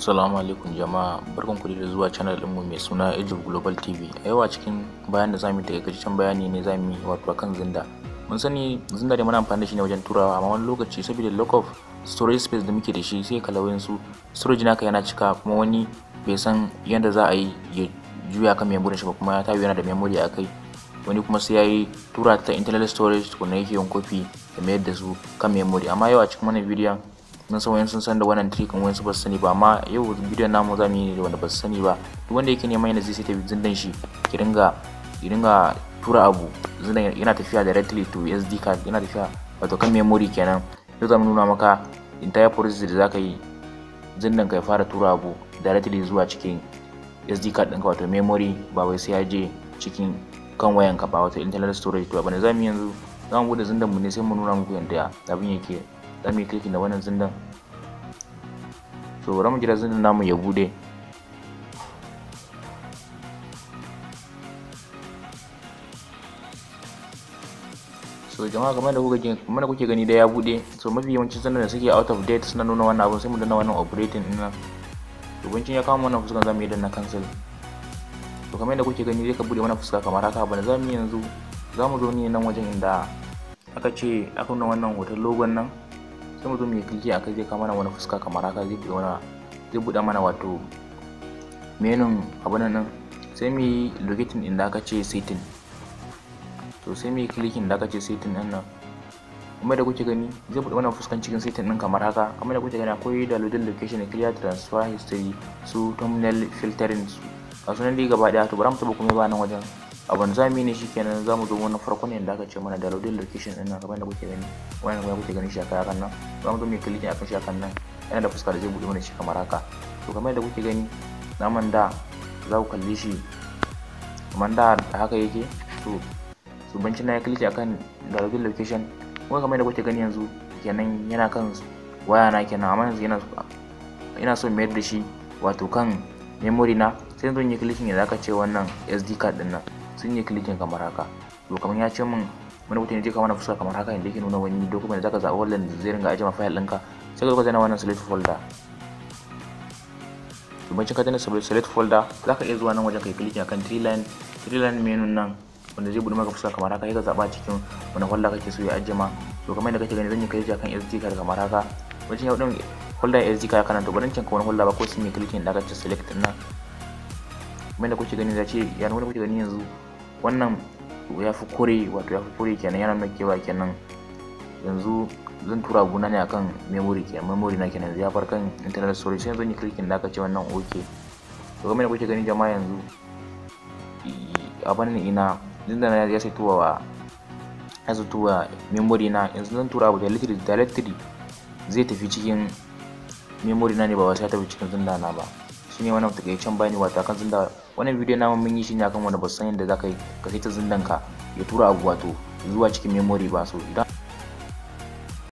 Assalamu alaikum jama'a barkan ku da zuwa channel mu mai suna Egypt Global TV a yau a cikin bayan da zamu daga gajiyan bayani ne zamu yi wato kan zinda mun sani zinda da muna amfani da shi ne wajen turawa amma wani lokaci saboda lack of storage space da muke da shi sai kalawayen su storage naka yana cika kuma wani bai san yadda za a yi ya juya kan memory shi ba kuma ya tabi yana da memory a kai wani kuma sai ya yi tura ta internal storage na yake yin copy da mayar da su kan memory amma yau a cikin wannan bidiyon don san sun san da wannan trick din wayansu ba su sani ba amma yau bidiyon namu zamu yi ne da wanda ba su sani ba duk wanda yake neman yadda zai sai ta zindan shi ki dinga ki dinga tura abu zindan yana tafiya directly to SD card yana tafiya wato kan memory kenan yau zamu nuna maka entire process da zaka yi zindan ka fara tura abu directly zuwa cikin SD card ɗinka wato memory ba wai sai ya je cikin kan wayanka ba wato internal storage to abin da zamu yanzu zamu bude zindan mu ne sai mu nuna muku yadda abin yake za mu yi clicking da wannan zindan so bari jira zindan namu ya bude so jama'a kamar da kuke kamar da kuke gani da ya bude so mafi yawancin zindan da suke out of date suna nuna wannan abun sai mu danna wannan operating din nan to bincin ya kama wannan fuskan zamu yi danna cancel to kamar da kuke gani zai ka bude mana fuska kamar haka bane zamu yanzu zamu zo ne nan wajen inda aka ce aka nuna wannan hoton logon nan sai mutum ya kliki akai zai kama wani fuska kamar haka zai buɗe mana zai buɗe mana wato menin abin nan sai mu yi locating inda aka ce setting to sai mu yi clicking da aka ce setting din nan kuma da kuke gani zai buɗe wani fuskan cikin setting din kamar haka kamar da kuke gani akwai downloading location clear transfer history su thumbnail filtering su ga sunan dai gaba daya to bari mu taba kuma ba nan wajen abin za mu yi ne za mu zo wani farko ne da aka ce mana downloading location ɗin nan kamar da kuke gani kuma ya kuke gani shi akan hakan nan mu zo mu click akan shi akan nan yana da fuska da zai buɗe mana shi kamar haka to kamar da kuke gani naman da za ku kalli shi kamar da haka yake to su banci na ya click akan downloading location kuma kamar da kuke gani yanzu kenan yana kan waya na kenan amma yanzu yana ina so mayar da shi wato kan memory na sai zan yi clicking ya aka ce wannan SD card din nan sun yi kilikin kamar haka to kamar ya ce min wani mutum zai kawo na fuska kamar haka inda yake nuna wani document da zaka zaɓa wannan da zai ringa ajiye ma file ɗinka sai ka zo ka zana wannan select folder to bayan ka zana select folder za ka iya zuwa nan wajen kai kilikin akan three line three line menu nan wanda zai buɗe maka fuska kamar haka sai ka zaɓa cikin wani folder kake so ya ajiye ma to kamar yadda kake gani zan yi kilikin akan SD card kamar haka wajen ya ɗin folder SD card kana to barin can wani folder ba ko sun yi kilikin da aka ce select nan kamar yadda kuke gani zai ce ya nuna kuke gani yanzu wannan ya fi kore wato ya fi kore kenan yana mai kewa kenan yanzu zan tura guna ne akan memory kenan memory na kenan ya far kan internet storage sai zan yi clicking da aka ce wannan ok to kamar da kuke gani jama'a yanzu abin ne ina inda na ya sai tuwa wa ya sai tuwa memory na yanzu zan tura abu directly zai tafi cikin memory na ne ba wasu ya tafi cikin zindana ba shine wannan takaitaccen bayani wato akan zinda wannan bidiyo na mun yi ne akan wanda ba san yadda zaka yi ka saita zindan ka ya tura abu wato zuwa cikin memory ba so idan